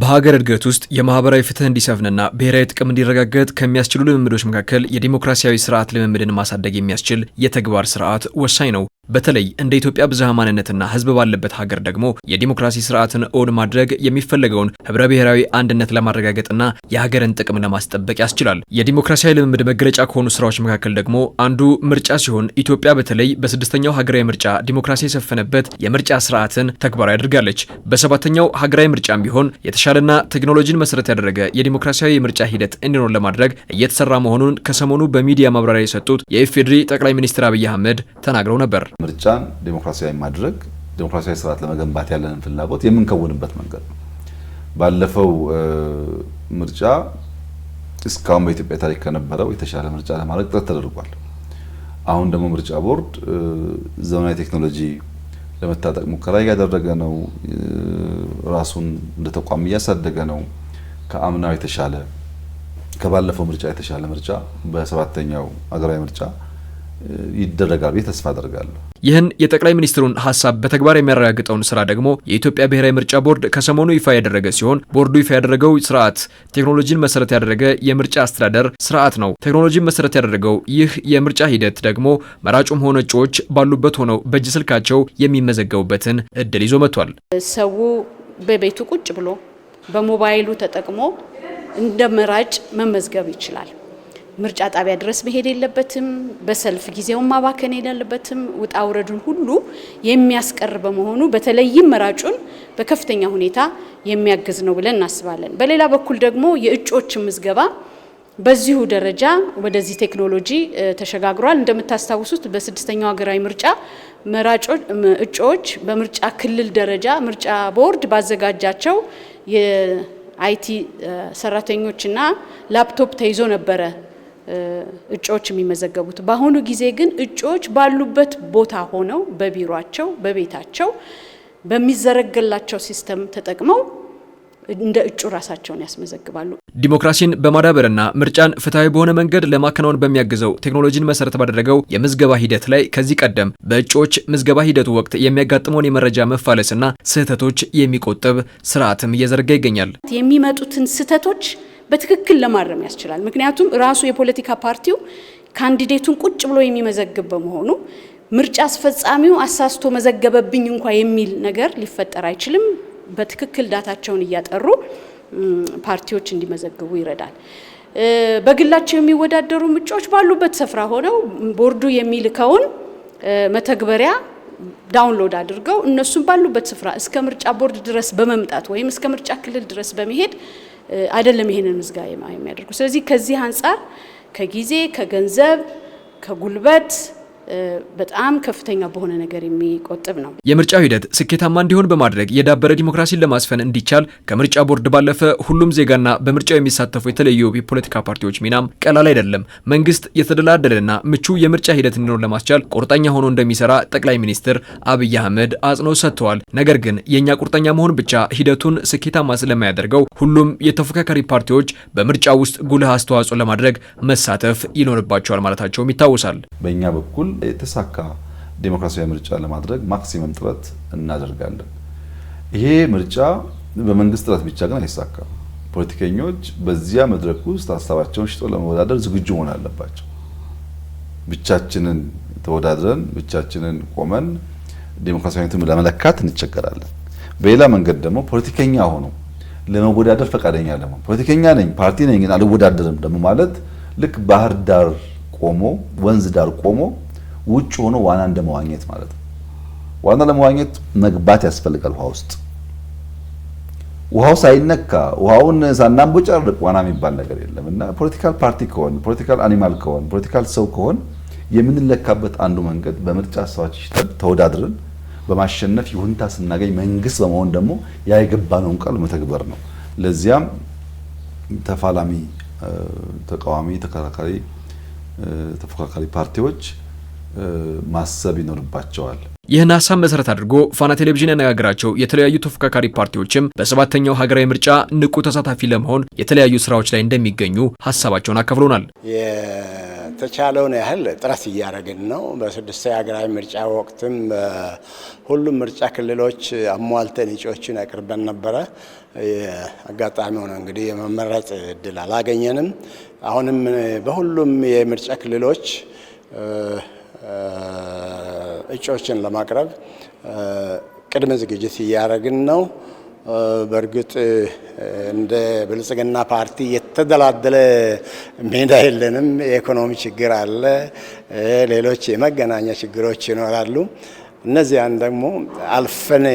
በሀገር እድገት ውስጥ የማህበራዊ ፍትህ እንዲሰፍንና ብሔራዊ ጥቅም እንዲረጋገጥ ከሚያስችሉ ልምምዶች መካከል የዲሞክራሲያዊ ስርዓት ልምምድን ማሳደግ የሚያስችል የተግባር ስርዓት ወሳኝ ነው። በተለይ እንደ ኢትዮጵያ ብዝሃ ማንነትና ህዝብ ባለበት ሀገር ደግሞ የዲሞክራሲ ስርዓትን እውን ማድረግ የሚፈለገውን ህብረ ብሔራዊ አንድነት ለማረጋገጥና የሀገርን ጥቅም ለማስጠበቅ ያስችላል። የዲሞክራሲያዊ ልምምድ መገለጫ ከሆኑ ስራዎች መካከል ደግሞ አንዱ ምርጫ ሲሆን ኢትዮጵያ በተለይ በስድስተኛው ሀገራዊ ምርጫ ዲሞክራሲ የሰፈነበት የምርጫ ስርዓትን ተግባራዊ አድርጋለች። በሰባተኛው ሀገራዊ ምርጫም ቢሆን የተሻለና ቴክኖሎጂን መሰረት ያደረገ የዲሞክራሲያዊ የምርጫ ሂደት እንዲኖር ለማድረግ እየተሰራ መሆኑን ከሰሞኑ በሚዲያ ማብራሪያ የሰጡት የኢፌዴሪ ጠቅላይ ሚኒስትር አብይ አህመድ ተናግረው ነበር። ምርጫን ዲሞክራሲያዊ ማድረግ ዲሞክራሲያዊ ስርዓት ለመገንባት ያለንን ፍላጎት የምንከውንበት መንገድ ነው። ባለፈው ምርጫ እስካሁን በኢትዮጵያ ታሪክ ከነበረው የተሻለ ምርጫ ለማድረግ ጥረት ተደርጓል። አሁን ደግሞ ምርጫ ቦርድ ዘመናዊ ቴክኖሎጂ ለመታጠቅ ሙከራ እያደረገ ነው። ራሱን እንደ ተቋም እያሳደገ ነው። ከአምናው የተሻለ ከባለፈው ምርጫ የተሻለ ምርጫ በሰባተኛው አገራዊ ምርጫ ይደረጋል ብዬ ተስፋ አደርጋለሁ። ይህን የጠቅላይ ሚኒስትሩን ሀሳብ በተግባር የሚያረጋግጠውን ስራ ደግሞ የኢትዮጵያ ብሔራዊ ምርጫ ቦርድ ከሰሞኑ ይፋ ያደረገ ሲሆን ቦርዱ ይፋ ያደረገው ስርዓት ቴክኖሎጂን መሰረት ያደረገ የምርጫ አስተዳደር ስርዓት ነው። ቴክኖሎጂን መሰረት ያደረገው ይህ የምርጫ ሂደት ደግሞ መራጩም ሆነ እጩዎች ባሉበት ሆነው በእጅ ስልካቸው የሚመዘገቡበትን እድል ይዞ መጥቷል። ሰው በቤቱ ቁጭ ብሎ በሞባይሉ ተጠቅሞ እንደ መራጭ መመዝገብ ይችላል። ምርጫ ጣቢያ ድረስ መሄድ የለበትም። በሰልፍ ጊዜውን ማባከን የለበትም። ውጣ ውረዱን ሁሉ የሚያስቀር በመሆኑ በተለይም መራጩን በከፍተኛ ሁኔታ የሚያግዝ ነው ብለን እናስባለን። በሌላ በኩል ደግሞ የእጮችን ምዝገባ በዚሁ ደረጃ ወደዚህ ቴክኖሎጂ ተሸጋግሯል። እንደምታስታውሱት በስድስተኛው ሀገራዊ ምርጫ እጩዎች በምርጫ ክልል ደረጃ ምርጫ ቦርድ ባዘጋጃቸው የአይቲ ሰራተኞችና ላፕቶፕ ተይዞ ነበረ እጩዎች የሚመዘገቡት። በአሁኑ ጊዜ ግን እጩዎች ባሉበት ቦታ ሆነው በቢሮቸው፣ በቤታቸው በሚዘረገላቸው ሲስተም ተጠቅመው እንደ እጩ ራሳቸውን ያስመዘግባሉ። ዲሞክራሲን በማዳበርና ምርጫን ፍትሐዊ በሆነ መንገድ ለማከናወን በሚያግዘው ቴክኖሎጂን መሰረት ባደረገው የምዝገባ ሂደት ላይ ከዚህ ቀደም በእጩዎች ምዝገባ ሂደቱ ወቅት የሚያጋጥመውን የመረጃ መፋለስና ስህተቶች የሚቆጥብ ስርዓትም እየዘረጋ ይገኛል። የሚመጡትን ስህተቶች በትክክል ለማረም ያስችላል። ምክንያቱም ራሱ የፖለቲካ ፓርቲው ካንዲዴቱን ቁጭ ብሎ የሚመዘግብ በመሆኑ ምርጫ አስፈጻሚው አሳስቶ መዘገበብኝ እንኳ የሚል ነገር ሊፈጠር አይችልም። በትክክል ዳታቸውን እያጠሩ ፓርቲዎች እንዲመዘግቡ ይረዳል። በግላቸው የሚወዳደሩ ምርጫዎች ባሉበት ስፍራ ሆነው ቦርዱ የሚልከውን መተግበሪያ ዳውንሎድ አድርገው እነሱም ባሉበት ስፍራ እስከ ምርጫ ቦርድ ድረስ በመምጣት ወይም እስከ ምርጫ ክልል ድረስ በመሄድ አይደለም ይሄንን ምዝጋ የሚያደርጉ። ስለዚህ ከዚህ አንጻር ከጊዜ ከገንዘብ ከጉልበት በጣም ከፍተኛ በሆነ ነገር የሚቆጥብ ነው። የምርጫ ሂደት ስኬታማ እንዲሆን በማድረግ የዳበረ ዲሞክራሲን ለማስፈን እንዲቻል ከምርጫ ቦርድ ባለፈ ሁሉም ዜጋና በምርጫው የሚሳተፉ የተለዩ የፖለቲካ ፓርቲዎች ሚናም ቀላል አይደለም። መንግስት የተደላደለና ምቹ የምርጫ ሂደት እንዲኖር ለማስቻል ቁርጠኛ ሆኖ እንደሚሰራ ጠቅላይ ሚኒስትር አብይ አህመድ አጽንኦት ሰጥተዋል። ነገር ግን የእኛ ቁርጠኛ መሆን ብቻ ሂደቱን ስኬታማ ስለማያደርገው ሁሉም የተፎካካሪ ፓርቲዎች በምርጫ ውስጥ ጉልህ አስተዋጽኦ ለማድረግ መሳተፍ ይኖርባቸዋል ማለታቸውም ይታወሳል። በእኛ በኩል የተሳካ ዴሞክራሲያዊ ምርጫ ለማድረግ ማክሲመም ጥረት እናደርጋለን። ይሄ ምርጫ በመንግስት ጥረት ብቻ ግን አይሳካም። ፖለቲከኞች በዚያ መድረክ ውስጥ ሀሳባቸውን ሽጦ ለመወዳደር ዝግጁ መሆን አለባቸው። ብቻችንን ተወዳድረን ብቻችንን ቆመን ዴሞክራሲያዊነትን ለመለካት እንቸገራለን። በሌላ መንገድ ደግሞ ፖለቲከኛ ሆኖ ለመወዳደር ፈቃደኛ ለመሆን ፖለቲከኛ ነኝ ፓርቲ ነኝ ግን አልወዳደርም ደግሞ ማለት ልክ ባህር ዳር ቆሞ ወንዝ ዳር ቆሞ ውጭ ሆኖ ዋና እንደመዋኘት ማለት ነው። ዋና ለመዋኘት መግባት ያስፈልጋል ውሃ ውስጥ። ውሃው ሳይነካ ውሃውን ሳናንቦጫርቅ ዋና የሚባል ነገር የለም እና ፖለቲካል ፓርቲ ከሆን ፖለቲካል አኒማል ከሆን ፖለቲካል ሰው ከሆን የምንለካበት አንዱ መንገድ በምርጫ ሰዎች ተወዳድረን በማሸነፍ ይሁንታ ስናገኝ መንግስት በመሆን ደግሞ ያ ቃል መተግበር ነው። ለዚያም ተፋላሚ፣ ተቃዋሚ፣ ተከራካሪ፣ ተፎካካሪ ፓርቲዎች ማሰብ ይኖርባቸዋል። ይህን ሀሳብ መሰረት አድርጎ ፋና ቴሌቪዥን ያነጋገራቸው የተለያዩ ተፎካካሪ ፓርቲዎችም በሰባተኛው ሀገራዊ ምርጫ ንቁ ተሳታፊ ለመሆን የተለያዩ ስራዎች ላይ እንደሚገኙ ሀሳባቸውን አካፍሎናል። የተቻለውን ያህል ጥረት እያደረግን ነው። በስድስተ ሀገራዊ ምርጫ ወቅትም ሁሉም ምርጫ ክልሎች አሟልተን እጩዎችን አቅርበን ነበረ። አጋጣሚ ሆነ እንግዲህ የመመረጥ እድል አላገኘንም። አሁንም በሁሉም የምርጫ ክልሎች እጩዎችን ለማቅረብ ቅድመ ዝግጅት እያደረግን ነው። በእርግጥ እንደ ብልጽግና ፓርቲ የተደላደለ ሜዳ የለንም። የኢኮኖሚ ችግር አለ፣ ሌሎች የመገናኛ ችግሮች ይኖራሉ። እነዚያን ደግሞ አልፈን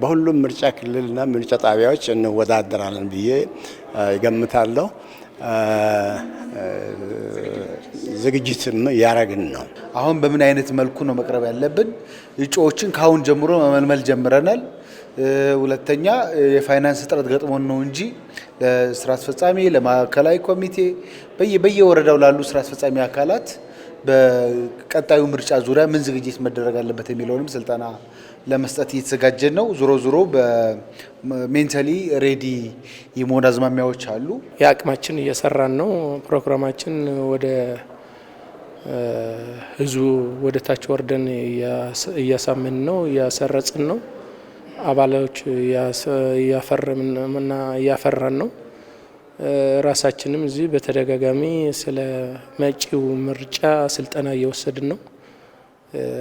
በሁሉም ምርጫ ክልልና ምርጫ ጣቢያዎች እንወዳደራለን ብዬ ይገምታለሁ። ዝግጅትም ያረግን ነው። አሁን በምን አይነት መልኩ ነው መቅረብ ያለብን? እጩዎችን ከአሁን ጀምሮ መመልመል ጀምረናል። ሁለተኛ የፋይናንስ እጥረት ገጥሞን ነው እንጂ ለስራ አስፈጻሚ፣ ለማዕከላዊ ኮሚቴ በየወረዳው ላሉ ስራ አስፈጻሚ አካላት በቀጣዩ ምርጫ ዙሪያ ምን ዝግጅት መደረግ አለበት የሚለውንም ስልጠና ለመስጠት እየተዘጋጀን ነው። ዞሮ ዞሮ በሜንታሊ ሬዲ የመሆን አዝማሚያዎች አሉ። የአቅማችን እየሰራን ነው። ፕሮግራማችን ወደ ህዝቡ ወደ ታች ወርደን እያሳምን ነው፣ እያሰረጽን ነው። አባሎች እያፈረምና እያፈራን ነው። ራሳችንም እዚህ በተደጋጋሚ ስለ መጪው ምርጫ ስልጠና እየወሰድን ነው።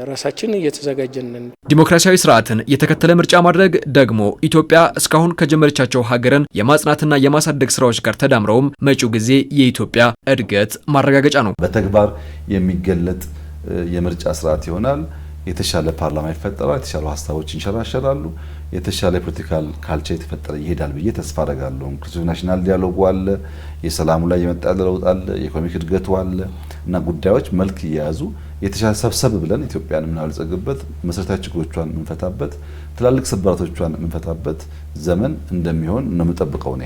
ራሳችን እየተዘጋጀን ዲሞክራሲያዊ ስርዓትን የተከተለ ምርጫ ማድረግ ደግሞ ኢትዮጵያ እስካሁን ከጀመረቻቸው ሀገርን የማጽናትና የማሳደግ ስራዎች ጋር ተዳምረውም መጪው ጊዜ የኢትዮጵያ እድገት ማረጋገጫ ነው። በተግባር የሚገለጥ የምርጫ ስርዓት ይሆናል። የተሻለ ፓርላማ ይፈጠራል። የተሻሉ ሀሳቦች ይንሸራሸራሉ። የተሻለ የፖለቲካል ካልቸር የተፈጠረ ይሄዳል ብዬ ተስፋ አደርጋለሁ። ኢንክሉሲቭ ናሽናል ዲያሎጉ አለ፣ የሰላሙ ላይ የመጣ ለውጥ አለ፣ የኢኮኖሚክ እድገቱ አለ እና ጉዳዮች መልክ እየያዙ የተሻለ ሰብሰብ ብለን ኢትዮጵያን የምናበልጸግበት መሰረታዊ ችግሮቿን የምንፈታበት ትላልቅ ስብራቶቿን የምንፈታበት ዘመን እንደሚሆን ነው የምጠብቀው እኔ።